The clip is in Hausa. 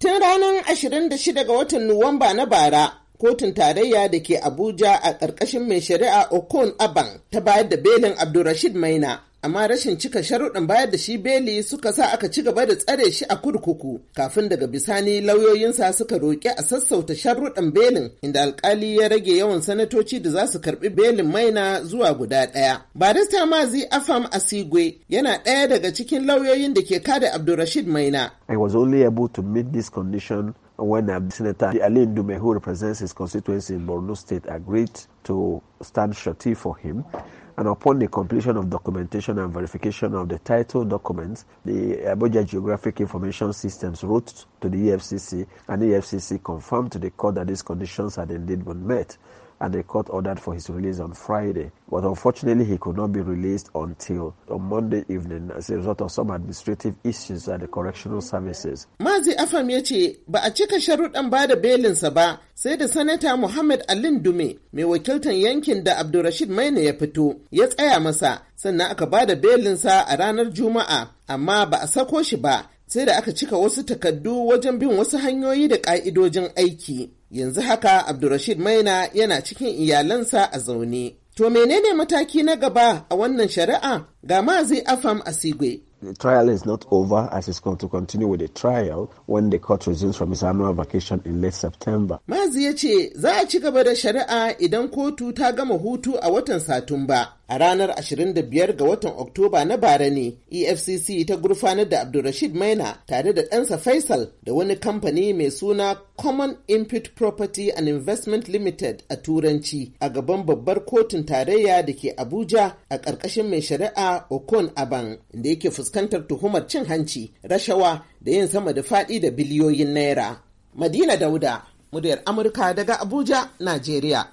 Tun ranar 26 ga watan Nuwamba na bara, kotun tarayya da ke Abuja a ƙarƙashin mai shari'a Okon Aban ta bayar da belin Abdulrashid Maina amma rashin cika sharuɗin bayar da shi beli suka sa aka ci gaba da tsare shi a kurkuku kafin daga bisani lauyoyinsa suka roƙi a sassauta sharuɗin belin inda alkali ya rage yawan sanatoci da za su karɓi belin maina zuwa guda ɗaya barista mazi afam asigwe yana ɗaya daga cikin lauyoyin da ke kada abdulrashid maina i was only able to meet this condition when Senator Ali Ndume, who represents his constituency in Borno State, agreed to stand shorty for him. and upon the completion of documentation and verification of the title documents, the Abuja Geographic Information Systems wrote to the EFCC, and the EFCC confirmed to the court that these conditions had indeed been met, and the court ordered for his release on Friday. But unfortunately, he could not be released until on Monday evening as a result of some administrative issues at the correctional services. Mazi a sai da sanata Muhammad Alin Dume mai wakiltan yankin da Abdulrashid Maina ya fito ya tsaya masa sannan aka ba da belinsa a ranar Juma'a amma ba a sako shi ba sai da aka cika wasu takaddu wajen bin wasu hanyoyi da ƙa'idojin aiki. Yanzu haka Abdulrashid Maina yana cikin iyalansa a zaune. To menene mataki na gaba a wannan shari'a ga mazi Afam a Asigwe the trial is not over as he's going to continue with the trial when the court resumes from its annual vacation in late September. Mazi ya ce za a ci gaba da shari'a idan kotu ta gama hutu a watan Satumba. a ranar 25 ga watan Oktoba na bara ne EFCC ta gurfanar da Abdulrashid Maina tare da ɗansa Faisal da wani kamfani mai suna Common Input Property and Investment Limited a Turanci a gaban babbar kotun tarayya da ke Abuja a ƙarƙashin mai shari'a Okon Aban da yake fuskantar tuhumar cin hanci, rashawa da yin sama da faɗi da biliyoyin naira. Madina Dauda, muryar Amurka daga Abuja, Najeriya.